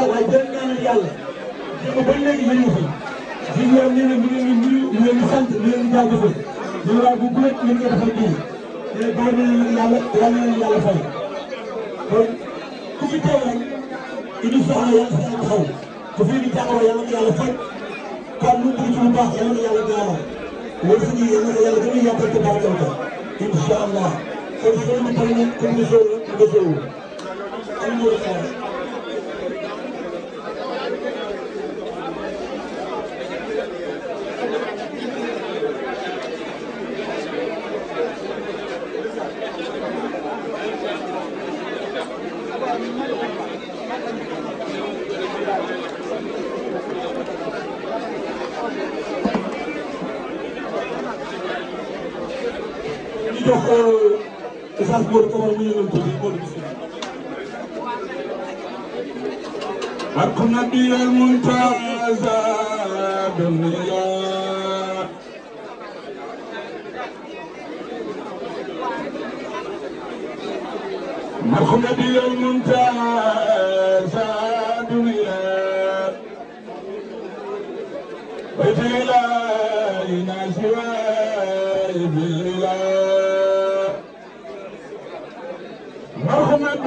yàlla waaye jël ñaanal yàlla jéem ba léegi ñu ngi fi di ñëw ñu ne ñu ngi nuyu sant ñu leen di jaajëfal ñu ne waaye bu bu nekk ñu ngi defal yàlla fay kon ku fi teew rek indi yàlla sa xaw ku fi indi jàngoro yàlla na yàlla faj kon lu bëgg ci yàlla yàlla gaaral wala sa ji yàlla na yàlla gën a yokkal te barkeel ko incha allah soo ma tànnee comme ni soo nga soo am nga jox message bu ko war a mën a yëngal tuuti Modou bisimilah. ak nabi al muntaza dunya مرحبا بي الممتاز دنيا وجيلنا سواك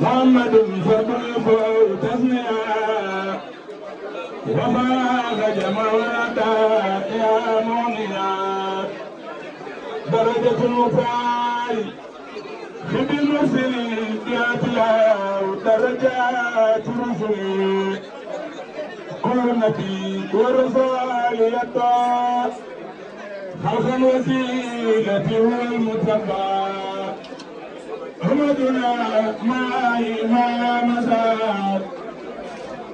محمد فكل فوت تسنيا وفاق جمعنا يا مؤمنا درجة الوفاء خب المرسلين يا تلاو درجات الرسل كل نبي ورسول يطاف خلق الوسيلة والمتبع عمدنا ما ما مسار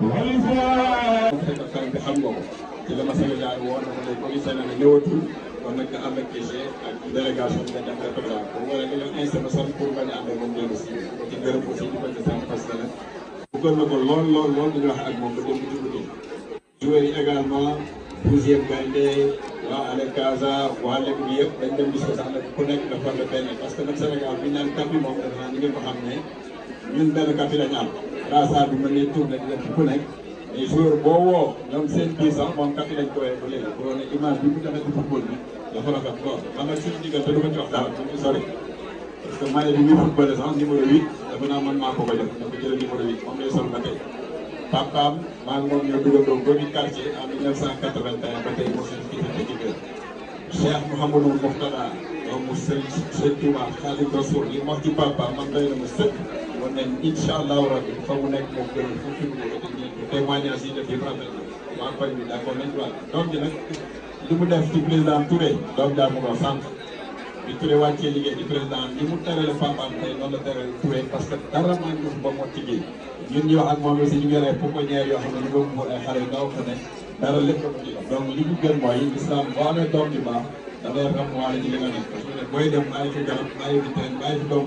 والفاء بحمده كلما سمع جعل وانا من كل سنه نوتو kon nag nga ànd ak DG ak délégation bi nga dem représenté ko wala nga leen installé sax pour bañ a àndal moom dellu si ci gërëm aussi di ko ci sant parce que nag bëggoon na ko lool lool lool di wax ak moom ba dem ci dugub ji. joueurs yi également douzième gaynde waa Alekaza waa lépp bi yëpp dañ dem gis ko sax nag ku nekk dafa la benn parce que nag Sénégal bi ñu naan kàpp yi moom dafa naan ni ngeen xam ne ñun benn kàpp yi la bi mën nañ tourné nekk et jour boo woo ñoom seen kii bu doon ne image bi mu demee ci football bi dafa rafet lool. man nag suñu diggante du ma ci parce que maillot bi muy footballé sax numéro 8 dafa naa man maa ko ko jox dafa jëlee numéro 8 moom lay sol ba tey. papaam maa ngi moom ñoo dugandoo bëri quartier en 1981 ba tey moo fi fi fi ci kër Cheikh Mouhamadou Mourtada doomu Serigne Serigne Touba Khadim Rasoul li ci papaam man doy na ma sëkk wan nañ incha allahu rabi fa mu nekk moom gën fu fi mu nekk témoignage yi def yëpp rafet na waa koñ bi d'accord nañ waa doom ji li mu def ci président Touré doom jaa mu ko sant bi Touré wàccee liggéey di président ni mu terale Fapal tey noonu la terale que dara wax ak moom aussi ñu ngi yore pouponnière yoo baax nga nekk parce que booy dem bàyyi fi garab bàyyi fi teen baax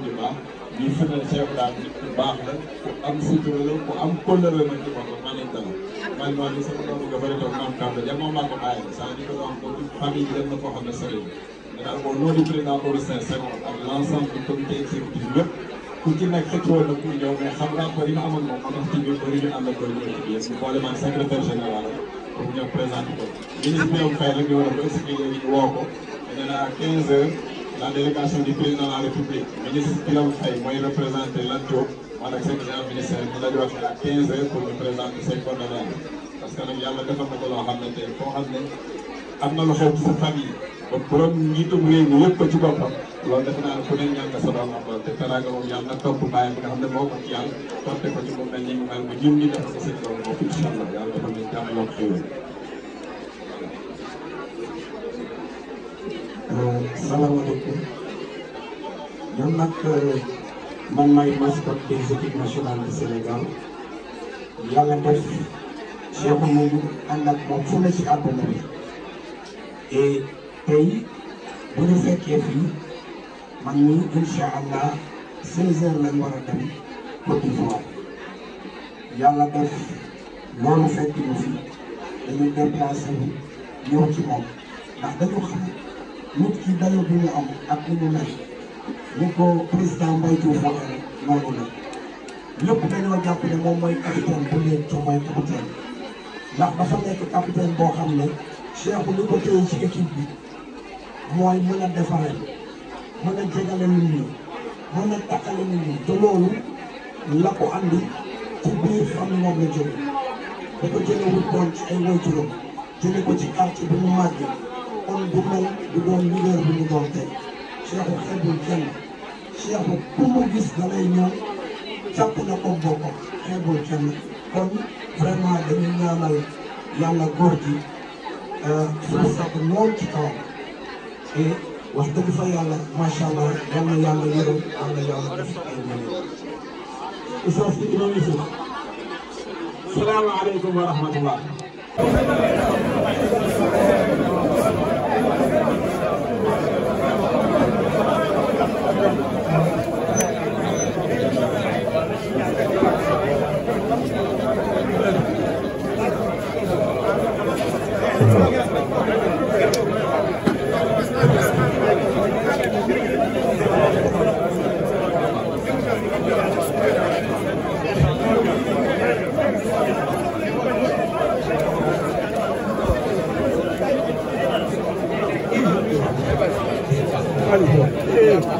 ñu firndeel chef daal nit ku baax la ku ma am kàddu ja moom ko xam ne sori donc au nom du président Augustin Senghor ak l' ensemble du comité exécutif ñëpp ku ci nekk xëccoo na kuy ñëw mais xam naa bëri na amoon moom moo tax ci biir bëri ñu ànd ak bëri ñu ci biir ñu boole man secrétaire général pour ñëw présenter ko. ministre bi am fay nag ñu war a ko expliquer ñu woo ko dañu ne à 15h la délégation du président de la république ministre bi am fay mooy représenté Lat Diop man ak secrétaire ministère bi la ñu waxee à 15h pour ñu présenter seen coordonnateur parce que nag yàlla defal na ko loo xam ne tey foo xam ne am na lu xew ci sa famille. ba borom njiitum réew mi yëpp ko ci boppam loolu defe naa ne ku ne ñaan nga sa doom te teraanga moom yàlla na topp bàyyi bi nga xam ne moo ko ci yàlla toppee ko ci moom mel ni mu mel ba ñun euh, euh, moom fu ne ci àdduna bi et. tey bu ñu fekkee fii man ñi incha allah 16 heures lañ war a dem Côte yàlla def loolu fekk fi dañu déplacé wu ñëw ci moom ndax dañu xam nit ki dayo bi ñu am ak ni mu mel ko président Mbaye Diouf noonu la ñëpp dañoo jàpp ne moom mooy capitaine bu leen ci mooy capitaine ndax dafa nekk capitaine boo xam ne Cheikh li ko téye ci équipe bi mooy mën a defaral mën a jegale nit ñi mën a takkale nit ñi te la ko andi ci biir xam ne moom jóge da ko jële wut ci ay waajuram jële ko ci quartier bi mu màgg kon du mel du doon leader doon tey cheikhu xeebul kenn cheikhu ku mu gis da lay ñëw na ko boppam xeebul kenn kon vraiment dañu ñaanal yàlla góor gi suuf euh, sax lool ci kawam et eh, wax dëgg fa yàlla macha allah yal na yàlla yërëm yal na yàlla def ay mënees. oustaz bi dina ñu suuf. salaamaaleykum wa rahmatullah. Khalifa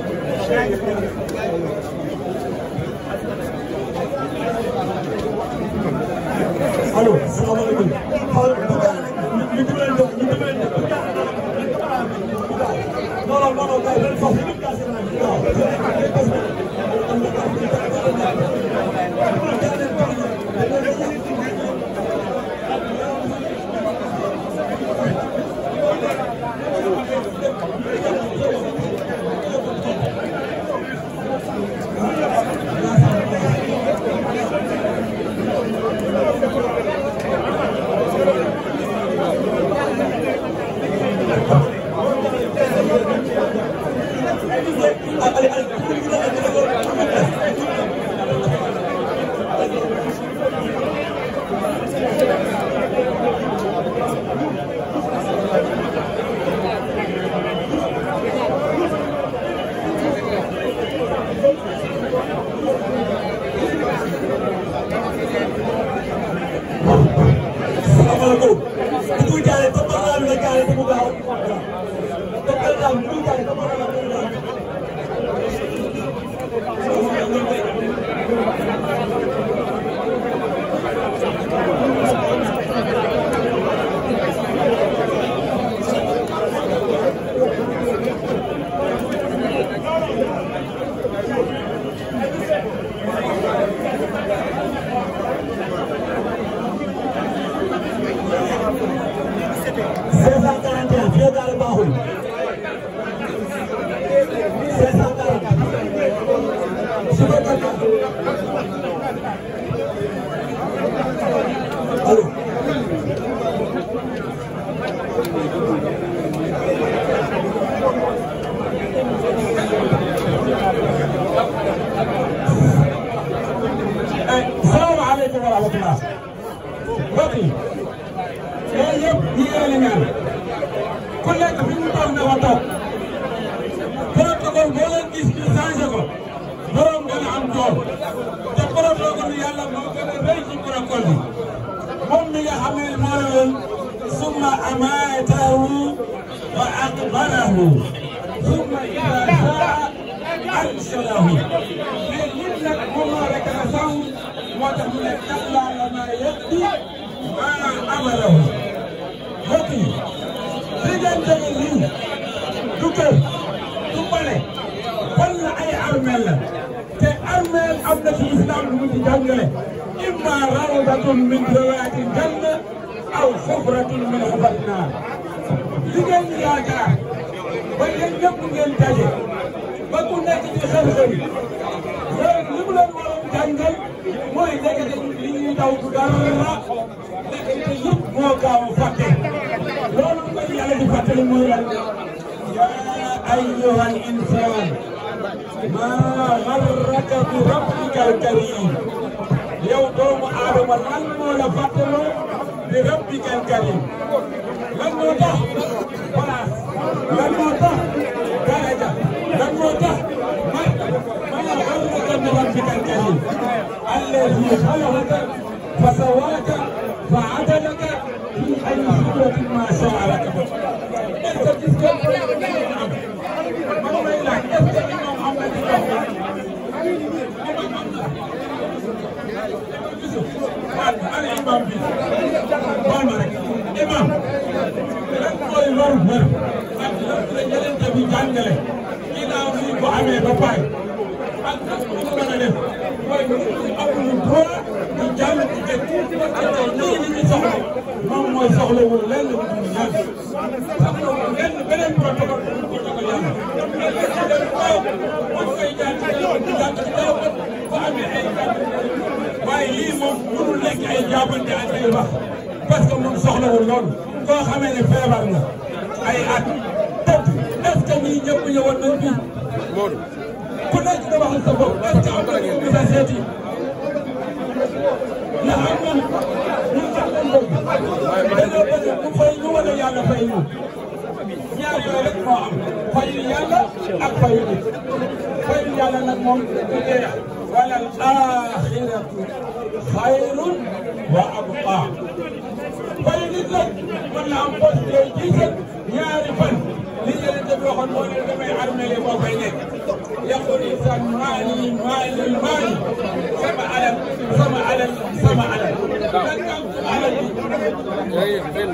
ak salaahu mais ñun nag moom moo rek la saw moo tax mu ne kàllaa la ma yetti maa amalaw mbokk yi li ngeen jóge nii du kër du bale bon la ay armeel la te armeel am na ci islam lu mu ci jàngale imma rawdatun min rawaati janna aw xufratun min xufat naar li ngeen yaakaar ñëpp ngeen daje ba ku nekk ci xel-xel léegi li mu leen waroon jàngal mooy nekkati li ñuy daw bu dara nekkati yëpp moo gaaw a fàtte loolu mooy yàlla di fàttali mooy lan yaa ayyuhal insaan maa gharraka bi rabbikal kariim yow doomu aadama lan moo la fàttaloo bi rabbikal kariim lan moo tax voilà lan moo tax di jàngale ginnaaw bi bu amee ba pare ak ak lu mu mën a def mooy amuñu droit di soxla moom lenn lu dul ñaan soxlawul lenn beneen protocole bu ñu ko jox yàlla. mais li ci dem jàng ci kaw di jàng ci kaw ay jàng waaye lii moom mënul nekk ay jaabante ak loolu koo xamee ne feebar ay at. ñii ñëpp ñëwoon nañ fi. Modou. ku nekk nga waxal sa bopp est-ce que am na ñu mën a seeti. na am na ñu tax leen ko. dañoo bëgg ku fay ñu wala yàlla fay ñu. ñaar yooyu rek moo am. fayu yàlla ak fayu nit. fayu yàlla nag moom du jeex. wala aaxiratu xayrun wa abqaa. fayu nit nag mën na am poste yooyu ñaari fan. armée moo koy nekk yaquli sa maali maali maali sama alal sama alal sama alal lan nga am sama alal bi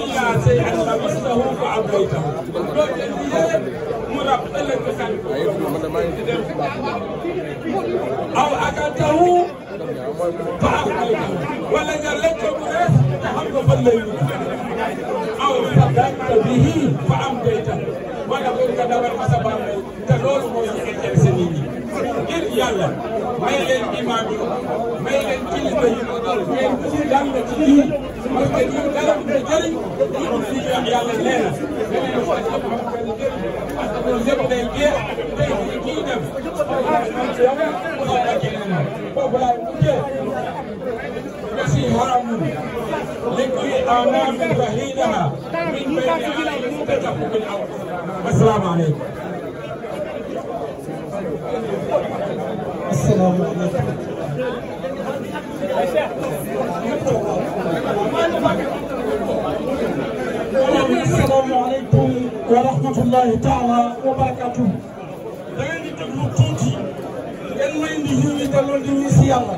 illa say an labistahu fa ablaytahu loolu la ñu yëpp mu rab ëllëg xel aw akaltahu fa ablaytahu wala nga lekk mu rees te xam nga fan lay aw saddaqta bihi fa am maanaam loolu nga dabal masabam la te loolu mooy ñu intéressé nit ñi ngir may leen imaam yi may leen kilifa yi ngeen ci jàng ci lii parce que ñun dara du jëriñ ñun fii am yàlla nee na beneen fois ci amul benn jëriñ parce que loolu yëpp day jeex tey jii kii dem foofu laay mujjee kasi haramun لكل أنام asalaamaaleykum. asalaamaaleykum. asalaamaaleykum wa rahmatullahi taala wa barakaatuhu. da ngeen di déglu tuuti. ngeen may di jiw yi te loolu di ñu si yàlla.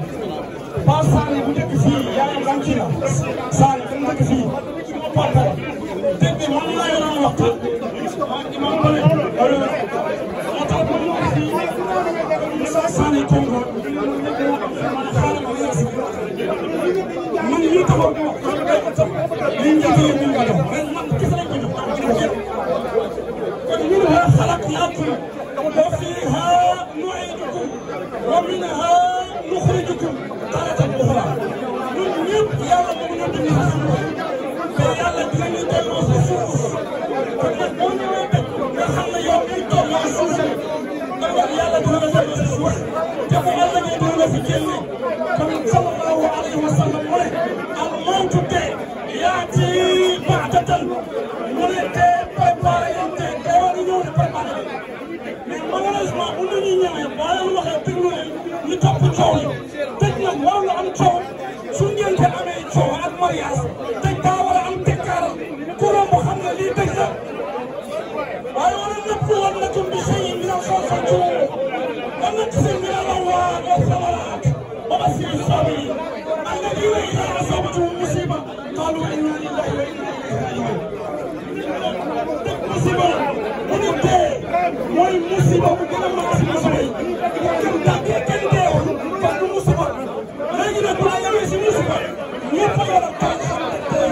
Paa Sane bu dëkk fii yaayam lan kii la. Sane bu dëkk fii. Paa Sane. dégg nga man laa yoroon waxtaan. Moussa boobu gën a mag si Moussa yi kenn tàggee kenn deewul kenn du Moussa ba léegi nag bu la ñëwee si Moussa ba ñëpp a yor ak tànn xam ne tey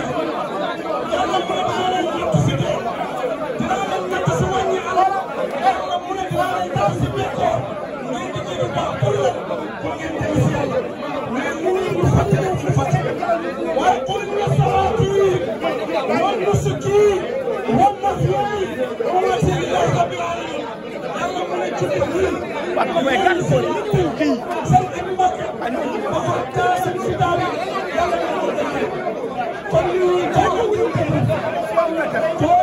yàlla préparé leen natt si dee dinaa leen natt si wàññi alal yàlla mu ne dinaa leen daal si biir koor ngay dëgëru baax Thank you.